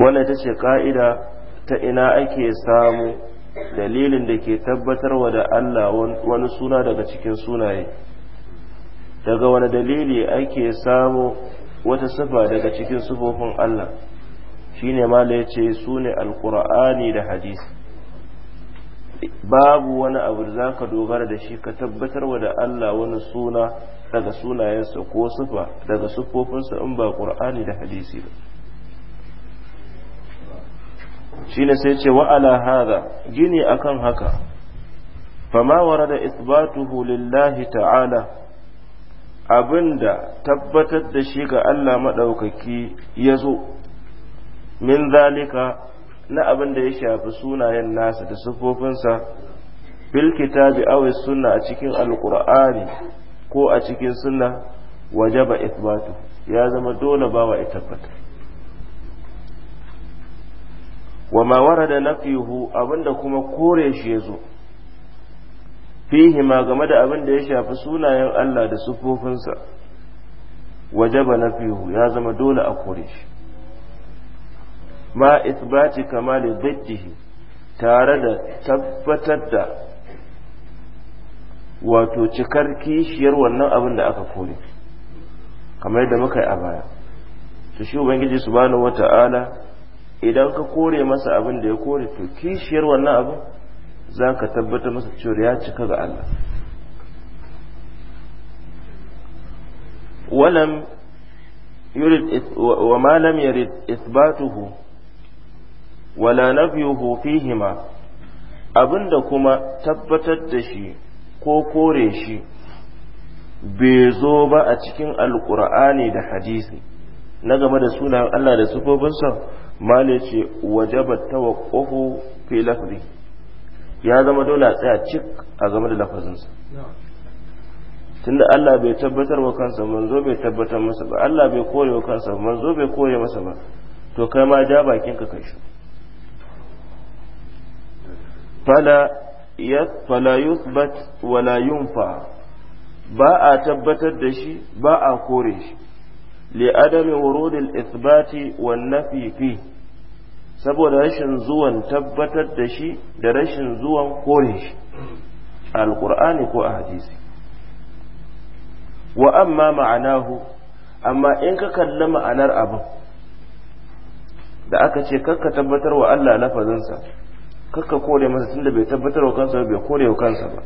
wanda ta ce ka'ida ta ina ake samu dalilin da ke tabbatar wa da Allah wani suna daga cikin sunaye daga wani dalili ake samu wata sifa daga cikin sifofin Allah shine ma da ya ce su ne alkur'ani da hadisi babu wani abu da za ka dogara da shi ka tabbatar wa da Allah wani suna daga sunayensa ko sufa daga siffofinsa in ba ƙur'ani da hadisi ba shi ne sai ce wa'ala hada gini akan haka fama wara da isbatuhu lillahi ta'ala abinda tabbatar da shi ga Allah maɗaukaki ya zo min zalika na abin da ya shafi sunayen nasa da siffofinsa bil kitabi aw sunna a cikin alqur'ani ko a cikin sunna wajaba ithbatu ya zama dole bawa ya tabbata wama warada nafihu abinda kuma kore shi yazo fihi ma game da abin da ya shafi sunayen Allah da siffofinsa wajaba nafihu ya zama dole a kore shi ma isbati kamali ziddihi tare da tabbatar da wato cikar kishiyar wannan abin da aka kore kamar yadda muka yi a baya to shi ubangiji subhanahu wata'ala idan ka kore masa abin da ya kore to kishiyar wannan abin za ka tabbatar masa cewa ya cika ga Allah ولم يرد وما لم يرد إثباته wala nafyuhu fihima abinda kuma tabbatar da shi ko kore shi bai zo ba a cikin alkur'ani da hadisi na game da sunayen Allah da sufofinsa male ce wajaba tawaqquhu fi lafzi ya zama dole a tsaya cik a game da lafazinsa tunda Allah bai tabbatar wa kansa manzo bai tabbatar masa ba Allah bai kore wa kansa manzo bai kore masa ba to kai ma ja bakin ka kai shi fala yuthbat wala yunfa ba a tabbatar da shi ba a kore shi li'adami wurudil isbati wan nafi saboda rashin zuwan tabbatar da shi da rashin zuwan kore shi alqur'ani ko a hadisi wa amma ma'anahu amma in ka kalli ma'anar abin da aka ce kakka tabbatar wa Allah lafazinsa kakka kore masa tunda bai tabbatar wa kansa bai kore wa kansa ba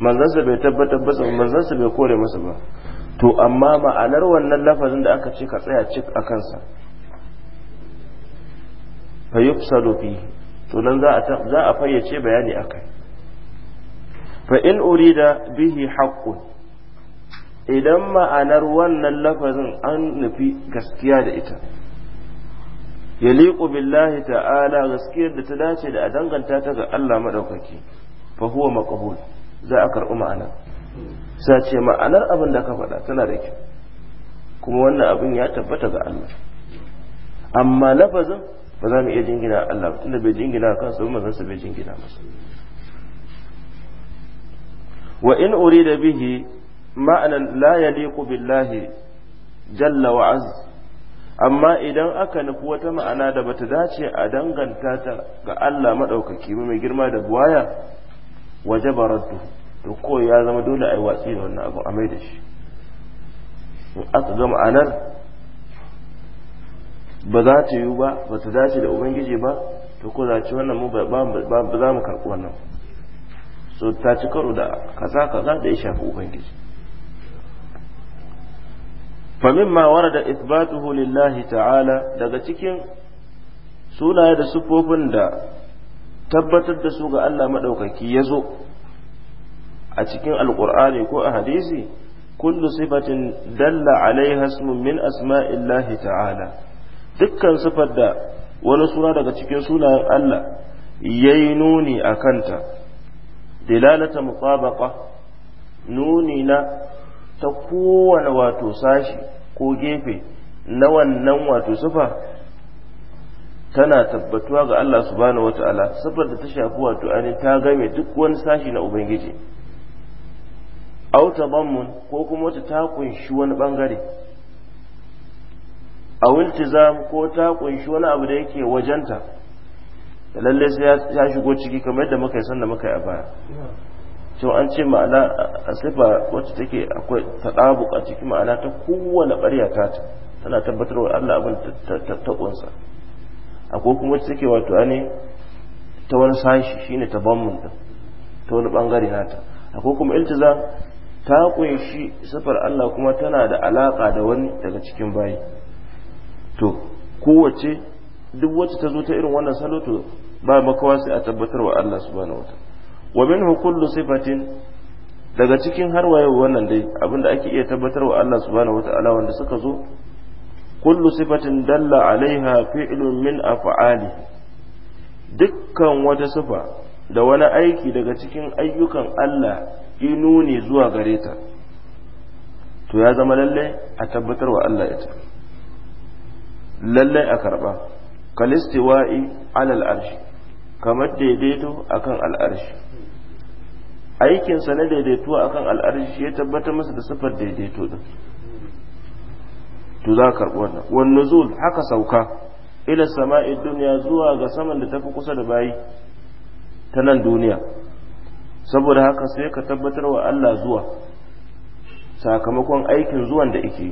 manzansa bai tabbatar ba manzansa bai kore masa ba to amma ma'anar wannan lafazin da aka ce ka tsaya cik a kansa fa yufsalu fi to nan za a za a fayyace bayani akai fa in urida bihi haqqun idan ma'anar wannan lafazin an nufi gaskiya da ita yaliqu billahi ta'ala gaskiyar da ta dace da a danganta ta ga Allah madaukaki fa huwa maqbul za a karɓi ma'ana sai ce ma'anar abin da ka faɗa tana da kyau kuma wannan abin ya tabbata ga Allah amma lafazin ba za mu iya jingina Allah tunda bai jingina kansa ba manzansa bai jingina masa wa in urida bihi ma'anan la yaliqu billahi jalla wa azza amma idan aka nufi wata ma'ana da bata dace a danganta ta ga Allah maɗaukaki mai girma da buwaya waje baratu, to ko ya zama dole a yi watsi da wannan abu a mai da shi in aka ga ma'anar ba za ta yiwu ba ba ta dace da ubangiji ba to ko za ci wannan mu ba za mu karɓi wannan so ta ci karo da kaza kaza da ya shafi ubangiji فمما ورد إثباته lillahi ta'ala daga cikin sunaye da sufofin da tabbatar da su ga Allah maɗaukaki ya zo a cikin alƙur'ani ko a hadisi kullu sifatin dalla alaiha ismun min asma'illahi ta'ala dukkan sifar da wani suna daga cikin sunayen Allah yayi nuni a kanta dilalata musabaqa nuni na ta kowane wato sashi ko gefe na wannan wato sufa tana tabbatuwa ga Allah subhanahu wata'ala saboda ta shafi wato ainihin ta game duk wani sashi na ubangiji auta bammun ko kuma wata ta kunshi wani bangare a wiltizam ko ta kunshi wani abu da yake wajenta da lalle sai ya shigo ciki kamar yadda muka yi sanda muka yi a baya cewa an ce ma'ana a sifa wacce take akwai taɗabuƙa a ma'ana ta kowane ƙarya ta ta, tana tabbatarwa Allah abin ta ƙunsa akwai kuma wacce take wato ne ta wani sashi ne ta bammun ta ta wani ɓangare nata akwai kuma iltiza ta ƙunshi sifar Allah kuma tana da alaƙa da wani daga cikin bayi to kowace duk wacce ta zo ta irin wannan salo to ba makawa sai a tabbatarwa Allah subhanahu ta'ala wa minhu kullu sifatin daga cikin har waye wannan dai abinda ake iya tabbatarwa Allah subhanahu wata'ala wanda suka zo kullu sifatin dalla alaiha fi'lun min af'ali dukkan wata sifa da wani aiki daga cikin ayyukan Allah inu ne zuwa gareta, to ya zama lalle a tabbatarwa Allah ita lalle a karba kalistiwa'i alal arshi kamar daidaito akan al'arshi aikinsa na daidaito akan al'arshi ya tabbatar masa da siffar daidaito din to za ka karɓi wannan wan nuzul haka sauka ila sama'i duniya zuwa ga saman da tafi kusa da bayi ta nan duniya saboda haka sai ka tabbatar wa Allah zuwa sakamakon aikin zuwan da yake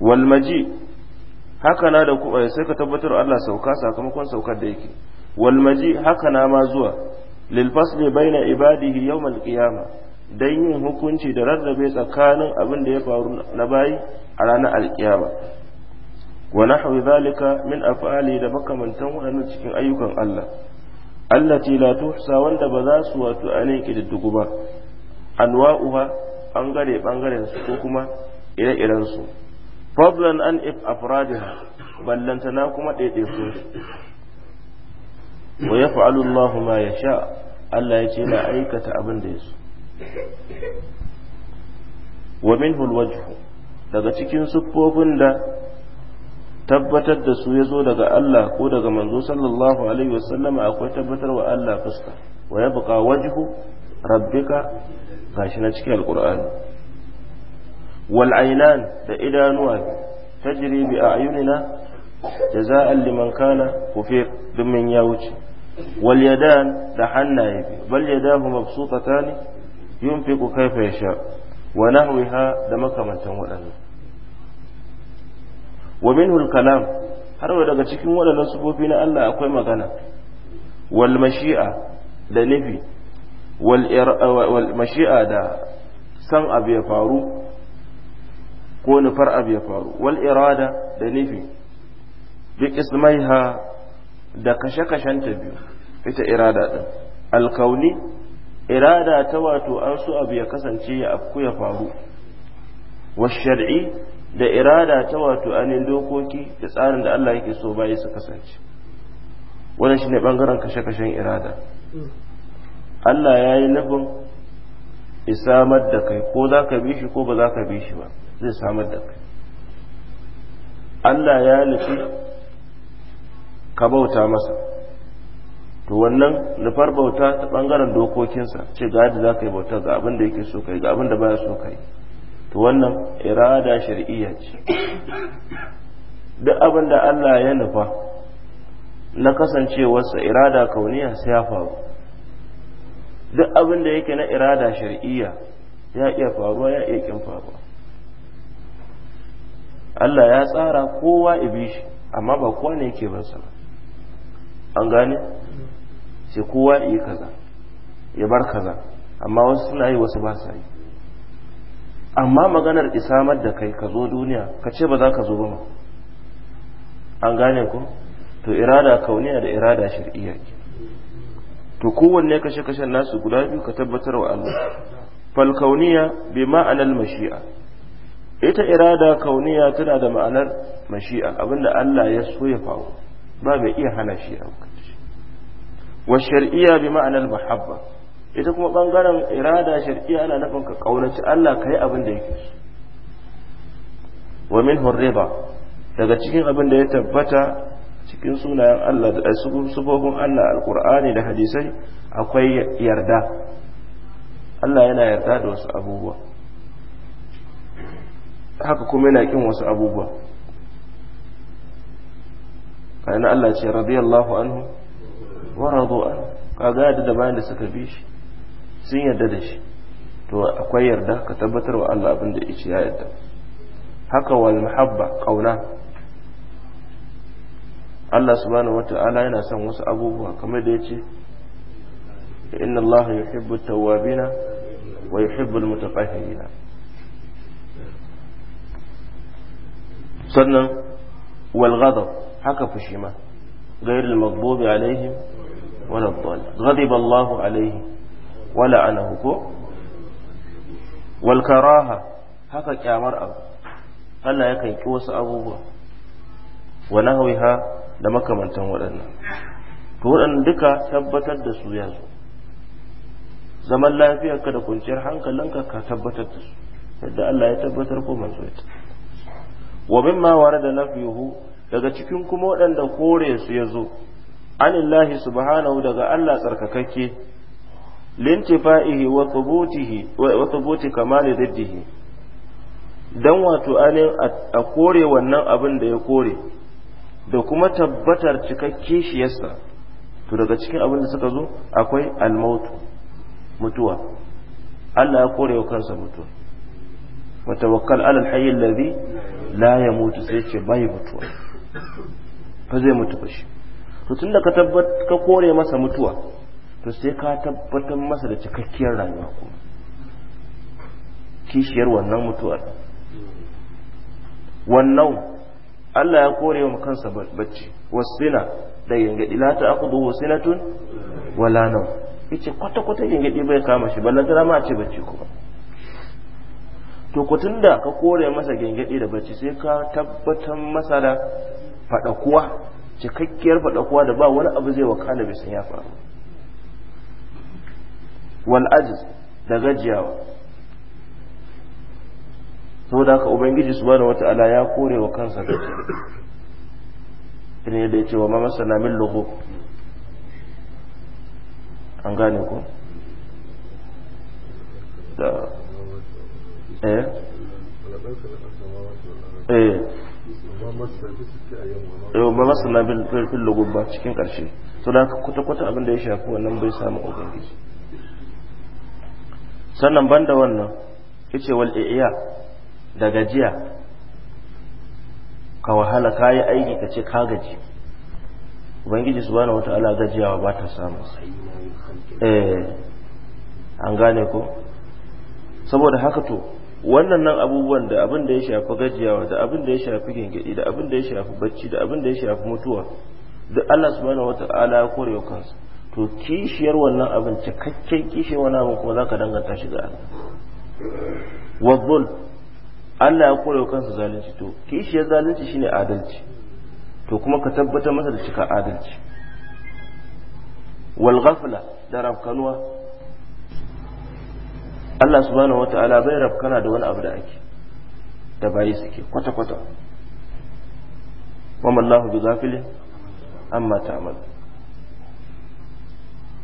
wal maji haka na da eh, sai ka tabbatar wa Allah sauka sakamakon saukar da yake wal maji haka na ma zuwa lil fasli baina ibadihi yawm al qiyama dan yin hukunci da rarrabe tsakanin abin da ya faru na bayi a ranar alkiyama wa nahwi zalika min af'ali da makamantan waɗannan cikin ayyukan Allah allati la tuhsa wanda ba za su wato ainihin kididdigu ba anwa'uha bangare bangaren su ko kuma ire-iren su fadlan an if afradin na kuma ɗaiɗaiku wa fa’alu Allahu ma yasha Allah ya ce na aikata abin da yaso wa min hulwajhu daga cikin siffofin da tabbatar da su ya zo daga Allah ko daga manzo sallallahu alaihi wasallama akwai tabbatar wa Allah fuska wa ya buka wajhu rabbika gashi na cikin alqur'ani wal ainan da idanuwa jirebi a a'yunina jaza'an liman kana kufir dumin ya wuce wal yadan da hannaye biyu bal yadahu mabsutatani yunfiqu kayfa yasha wa nahwiha da makamantan waɗannan wa minhul kalam har wa daga cikin waɗannan sufofi na Allah akwai magana wal mashi'a da wal mashi'a da san abu ya faru ko nufar abu ya faru wal irada da nufi bi ismaiha da kashe ta biyu ita irada din alkauni irada ta wato an so abu ya kasance ya afku ya faru wa shar'i da irada ta wato anin dokoki da tsarin da Allah yake so bayi su kasance wannan shine bangaren kashe-kashen irada Allah ya yi nufin isamar da kai ko za ka bi shi ko ba za ka bi shi ba zai samar da kai Allah ya nufi ka bauta masa to wannan nufar bauta ta bangaren dokokinsa ce ga yadda za ka yi bauta ga abin da yake so ka yi ga abin da baya so ka yi to wannan irada shari'iyya ce duk abin da Allah ya nufa na kasancewarsa irada kauniya sai ya faru duk abin da yake na irada shari'iyya ya iya faruwa ya iya kin faruwa Allah ya tsara kowa ibi shi amma ba kowa ne yake ba sa an gane sai kowa yi kaza ya bar kaza amma wasu suna yi wasu ba sa yi amma maganar isamar da kai ka zo duniya ka ce ba za ka zo ba ma an gane ku to irada kauniya da irada shir'iyya to kowanne kashe kashen nasu guda biyu ka tabbatar wa Allah fal kauniya bi ma'anal mashi'a ita irada kauniya tana da ma'anar mashi'a abinda Allah ya so ya faru ba mai iya hana shi aukar shi wa shari'a bi ma'anar mahabba ita kuma ɓangaren irada shari'a ana nufin ka ƙaunaci Allah ka yi abin da yake so wa min ba, daga cikin abin da ya tabbata cikin sunayen Allah da sufofin Allah Al-ƙur'ani da hadisai akwai yarda Allah yana yarda da wasu abubuwa haka kuma yana ƙin wasu abubuwa bayan Allah ce radiyallahu anhu wa radu an kaga yadda da bayan da suka bi shi sun yarda da shi to akwai yarda ka tabbatar wa Allah abin da yace ya yarda haka wal muhabba kauna Allah subhanahu wata'ala yana son wasu abubuwa kamar da yace inna Allah yuhibbu tawwabina wa yuhibbu al-mutatahhirina sannan wal ghadab haka fushi ma gairul maghdubi alaihim wala dhalin ghadiba Allahu alaihi wala anahu ko wal karaha haka kyamar abu Allah yakan ki wasu abubuwa wa nahwiha da makamantan waɗannan to waɗannan duka tabbatar da su yanzu zaman lafiyarka da kwanciyar hankalinka ka tabbatar da su yadda Allah ya tabbatar ko manzo ya wa mimma warada nafyuhu daga cikin kuma waɗanda kore su ya zo anillahi subhanahu daga Allah tsarkakakke lintifa'ihi wa thubutihi wa kamali diddihi dan wato anin a kore wannan abin da ya kore da kuma tabbatar cikakke shi yasa to daga cikin abin da suka zo akwai almautu mutuwa Allah ya kore wa kansa mutuwa wa tawakkal ala alhayy alladhi la yamutu sai ce bai mutuwa ba zai mutu ba shi to tun da ka kore masa mutuwa to sai ka tabbatar masa da cikakkiyar rayuwa kuma kishiyar wannan mutuwar wannan Allah ya kore wa kansa bacci wasina da gangadi la ta akudu wasinatun wala nau yace kwata kwata gangadi bai kama shi ballan tara ma ce bacci kuma to ko tunda ka kore masa gangadi da bacci sai ka tabbatar masa da kuwa cikakkiyar kuwa da ba wani abu zai wakana bai san ya faru wal ajiz da gajiyawa saboda ka ubangiji subhanahu wata'ala ya kore wa kansa gajiya ne da yace wa ma masana min lugu an gane ko da eh eh ba masu labin fil lugubba cikin ƙarshe to da kwata-kwata abin da ya shafi wannan bai samu ubangiji sannan banda wannan ce wal iya da gajiya ka wahala ka yi aiki ka ce ka gaji ubangiji subhanahu wata'ala gajiyawa ba ta samu eh an gane ko saboda haka to wannan nan abubuwan da abin da ya shafi gajiyawa da abin da ya shafi gingidi da abin da ya shafi bacci da abin da ya shafi mutuwa da Allah subhanahu wata'ala ya kore kansa to kishiyar wannan abin cikakken kishiyar wannan abin kuma zaka danganta shi ga Allah wa Allah ya kore kansa zalunci to kishiyar zalunci shine adalci to kuma ka tabbatar masa da cika adalci wal ghafla da rafkanuwa Allah subhanahu wata'ala bai kana da wani abu da ake da bayi suke kwata-kwata wa mallahu bi zafilin amma ta'mal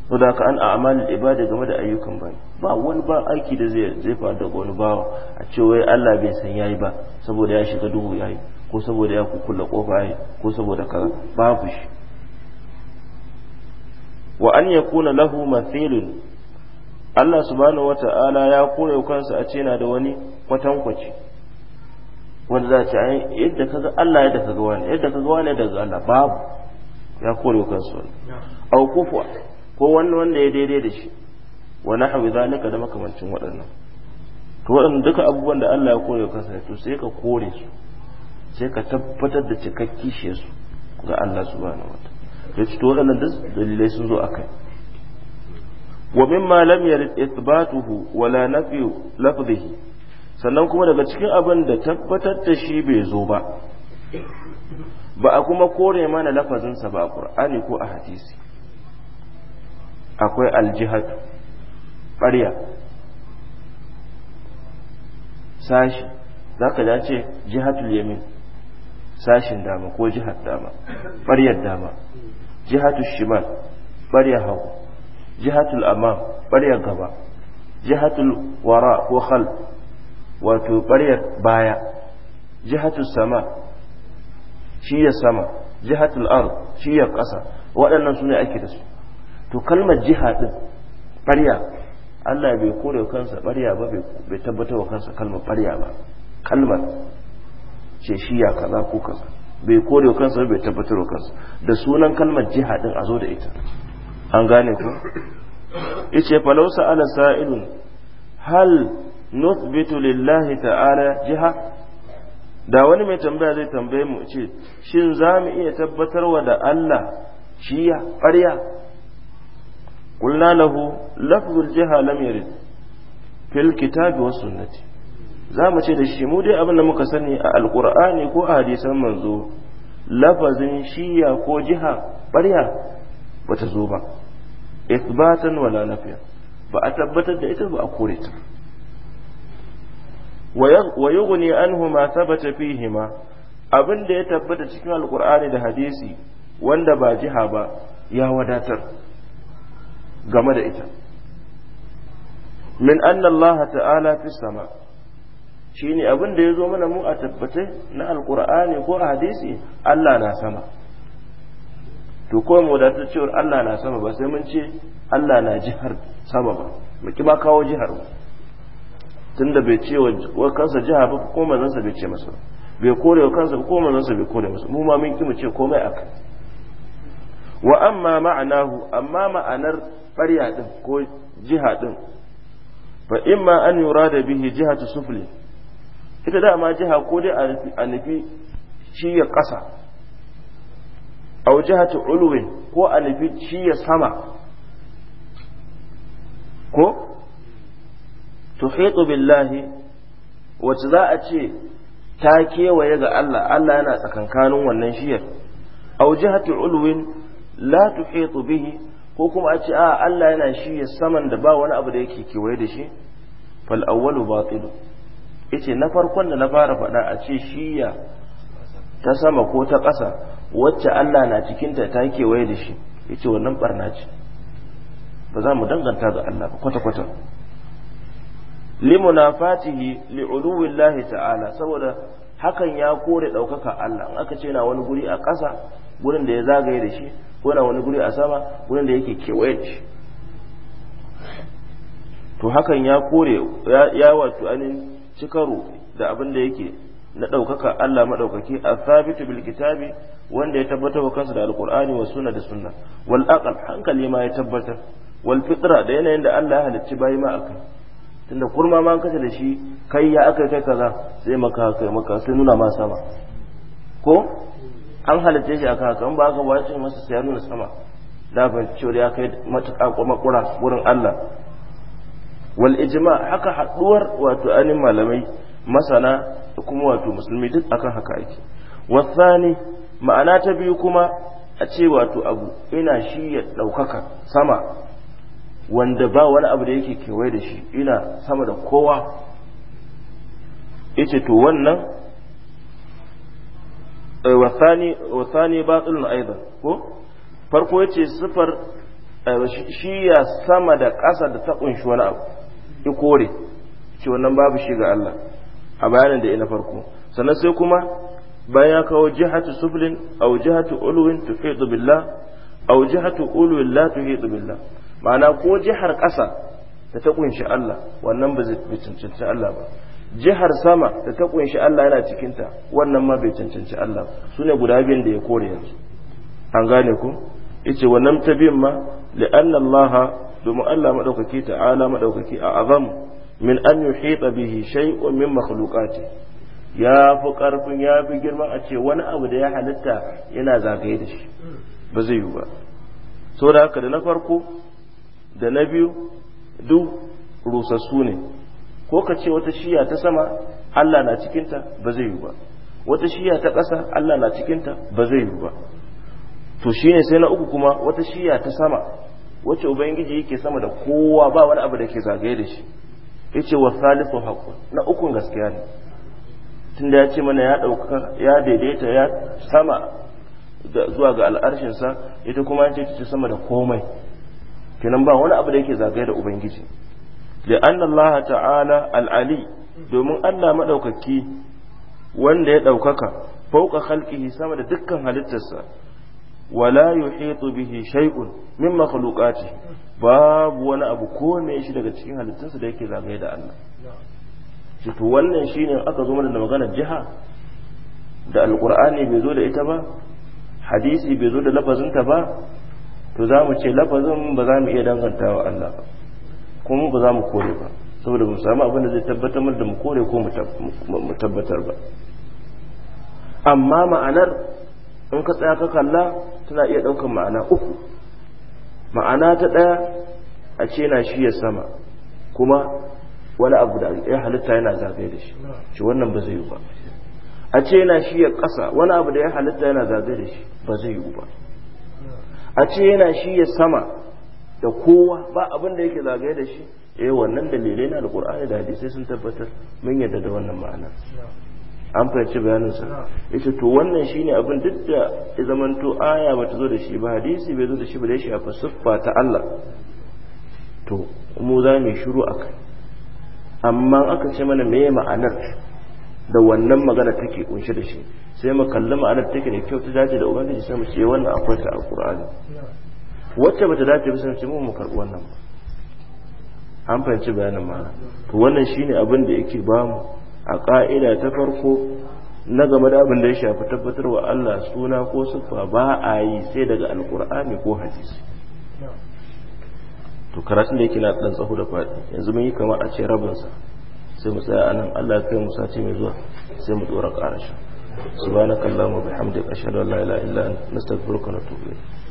to da ka an a'mal ibada game da ayyukan bani ba wani ba aiki da zai zai faru da wani bawa a ce wai Allah bai san yayi ba saboda ya shiga duhu yayi ko saboda ya kukkula kofa yayi ko saboda ka babu shi wa an yakuna lahu mathilun Allah subhanahu ta’ala ya kore kansa a ce yana da wani kwatankwaci wanda za ci ai yadda kaga Allah yadda kaga wani yadda kaga wani daga Allah babu ya kore kansa wani au kufwa ko wani wanda ya daidai da shi wa nahwi zalika da makamancin waɗannan to waɗannan duka abubuwan da Allah ya kore kansa to sai ka kore su sai ka tabbatar da cikakki shi su ga Allah subhanahu wata'ala to waɗannan dalilai sun zo akai ومما لم يرد yarid ولا نفي لفظه lafzihi sannan kuma daga cikin abin da tabbatar da shi bai zo ba ba a kuma kore mana lafazinsa ba a ƙur'ani ko a hadisi akwai aljihad ƙarya sashi za ka dace ce jihatul yamin sashin dama ko jihar dama ƙaryar dama jihatul shimal ƙaryar hagu jihatul amam ɓaryar gaba jihatul wara ko khal wato ɓaryar baya jihatul sama ya sama jihatul ard shiyar ƙasa waɗannan su ne ake da su to kalmar jiha ɗin ɓarya Allah bai kore kansa ɓarya ba bai tabbatar wa kansa kalmar ɓarya ba kalmar ce shi ya kaza ko kaza bai kore kansa bai tabbatar wa kansa da sunan kalmar jiha ɗin a zo da ita an gane ku yace falau sa'ala sa'ilun hal nuthbitu lillahi ta'ala jiha da wani mai tambaya zai tambaye mu ce shin za mu iya tabbatar wa da Allah shiya ƙarya qulna lahu lafzul jiha lam yarid fil kitabi was sunnati za mu ce da shi mu dai abin da muka sani a alqur'ani ko a hadisan manzo lafazin shiya ko jiha ƙarya bata zo ba isbatan wala nafiya ba a tabbatar da ita ba a kore ta wa yughni anhu ma thabata ma abin da ya tabbata cikin alqur'ani da hadisi wanda ba jiha ba ya wadatar game da ita min anna Allah ta'ala fi sama shine abin da zo mana mu a tabbate na alqur'ani ko a hadisi Allah na sama to ko mu ta cewar Allah na sama ba sai mun ce Allah na jihar sama ba mu ki ma kawo jihar tunda bai ce wa kansa jiha ba ko sa bai ce masa bai kore wa kansa ko sa bai kore masa mu ma mun ki mu ce komai aka wa amma ma'anahu amma ma'anar ƙarya din ko jiha din fa imma an yurada bihi jihatu sufli ita da ma jiha ko dai a nufi shi ya ƙasa aw jihatu ulwin ko a shi ya sama ko tuhitu billahi wacce za a ce ta kewaye ga Allah Allah yana tsakankanin wannan shiyar aw jihatu ulwin la tuhitu bihi ko kuma a ce a Allah yana shi ya saman da ba wani abu da yake kewaye da shi fal awwalu batilu yace na farkon da na fara faɗa a ce shiya ta sama ko ta ƙasa wacce Allah na cikinta ta kewaye da shi yace wannan barna ce ba za mu danganta ga Allah ba kwata-kwata limunafatihi li'uluwillahi ta'ala saboda hakan ya kore ɗaukaka Allah in aka ce na wani guri a ƙasa gurin da ya zagaye da shi ko na wani guri a sama gurin da yake kewaye da shi to hakan ya kore ya wato anin cikaro da abin da yake na ɗaukaka Allah maɗaukaki a sabitu bil kitabi wanda ya tabbatar wa kansa da alkur'ani wa sunna da sunna wal aqal hankali ma ya tabbatar wal fitra da yanayin da Allah ya halicci bayi ma akai tunda kurma ma an kace da shi kai ya akai kai kaza sai maka kai maka sai nuna ma sama ko an halicce shi akan haka in ba ka ba masa sai ya nuna sama da ban cewa ya kai matuƙa ko makura wurin Allah wal ijma haka haduwar wato anin malamai masana da kuma wato musulmi duk akan haka ake wasani ma'ana ta biyu kuma a ce wato abu ina shi ya ɗaukaka sama wanda ba wani abu da yake kewaye da shi ina sama da kowa ita to wannan eh, wasani tsulun aizan ko farko ya ce sifar eh, shi ya sama da ƙasa da ta ƙunshi wani abu kore ce wannan babu shi ga Allah a bayanin da ina farko sannan sai kuma bayan ya kawo jihatu suflin aw jihatu ulwin tuhidu billah aw jihatu ulwin la tuhidu billah ma'ana ko jihar ƙasa da ta kunshi Allah wannan ba zai cancanci Allah ba jihar sama da ta kunshi Allah yana cikinta wannan ma bai cancanci Allah su ne guda biyun da ya kore yanzu an gane ku yace wannan ta biyun ma li'anna Allah domin Allah madaukaki ta'ala madaukaki a azamu min an yuhita bihi shay'un min makhluqati ya fi karfin ya fi girma a ce wani abu da ya halitta yana zagaye da shi ba zai yi ba so da haka da na farko da na biyu duk rusassu ne ko ka ce wata shiya ta sama Allah na cikinta ba zai yi ba wata shiya ta ƙasa Allah na cikinta ba zai yi ba to shine sai na uku kuma wata shiya ta sama wacce ubangiji yake sama da kowa ba wani abu da ke zagaye da shi yace wa salisu haqqun na ukun gaskiya ne tunda yace mana ya dauka ya daidaita ya sama zuwa ga al'arshin sa ita kuma yace ta sama da komai kenan ba wani abu da yake zagaye da ubangiji da annallaha ta'ala al'ali domin Allah madaukaki wanda ya daukaka fauka khalqihi sama da dukkan halittarsa wala yuhitu bihi shay'un min makhluqatihi babu wani abu ko me shi daga cikin halittunsa da yake zagaye da Allah shi to wannan shine aka zo da maganar jiha da alqur'ani bai zo da ita ba hadisi bai zo da lafazinta ba to za mu ce lafazin ba za mu iya dangantawa Allah ba kuma ba za mu kore ba saboda mu samu abin da zai tabbatar da mu kore ko mu tabbatar ba amma ma'anar in ka tsaya ka kalla tana iya ɗaukar ma'ana uku ma'ana ta ɗaya a ce na shi ya sama kuma wani abu da ya halitta yana zagaye da shi shi wannan ba zai yi ba a ce yana shi ya ƙasa wani abu da ya halitta yana zagaye da shi ba zai yi ba a ce yana shi ya sama da kowa ba abin da yake zagaye da shi eh wannan dalilai na alkur'ani da hadisi sun tabbatar mun yadda da wannan ma'ana an fahimci bayaninsa yace to wannan shine abin duk da ya zamanto aya bata zo da shi ba hadisi bai zo da shi ba da ya shafi siffa ta Allah to mu za mu shiru kai amma aka ce mana meye ma'anar da wannan magana take kunshe da shi sai mu kalli ma'anar take da kyau ta dace da ubangiji sai mu ce wannan akwai ta alqur'ani wacce bata dace ba sai mu mu karbi wannan ba an fahimci bayanin ma to wannan shine abin da yake bamu a ƙa'ida ta farko na game da abin da ya shafi tabbatar wa Allah suna ko siffa ba a yi sai daga alkur'ani ko hadisi to karatun da yake na ɗan tsaho da faɗi yanzu mun yi kama a ce rabinsa sai mu tsaya anan Allah kai mu sace mai zuwa sai mu tsora ƙarashin subhanakallahumma bihamdika ashhadu an la ilaha illa anta nastaghfiruka wa natubu ilayk